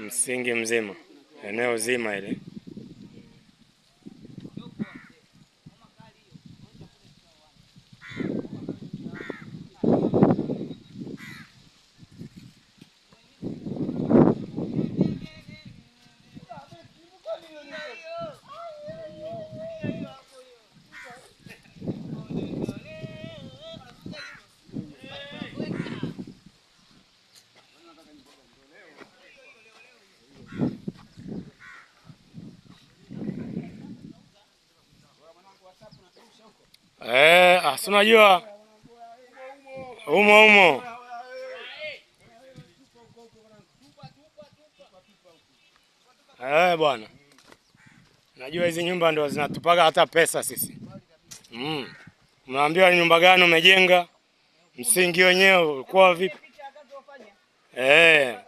msingi mzima, eneo zima ile Eh, ah, si unajua umo umo eh, bwana, najua hizi nyumba ndio zinatupaga hata pesa sisi. Mm. Mnaambiwa nyumba gani umejenga, msingi wenyewe ulikuwa vipi? Eh.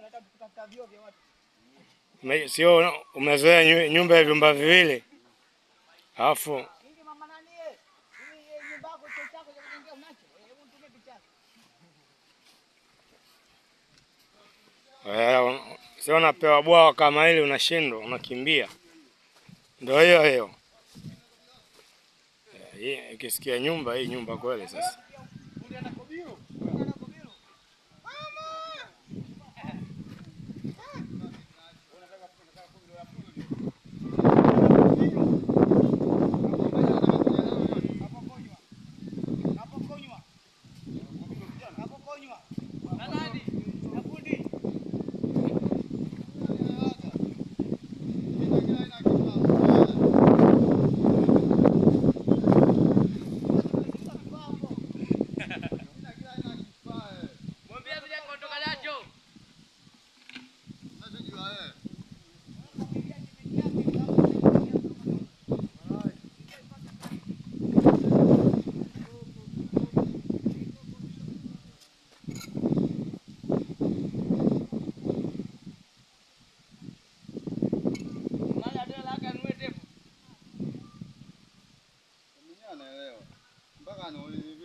Sio umezoea nyumba ya vyumba viwili alafu Eh, Sio unapewa bwawa kama hili unashindwa, unakimbia. Ndio hiyo hiyo eh, ikisikia nyumba hii nyumba kweli sasa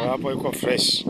Olha apoio com fresh.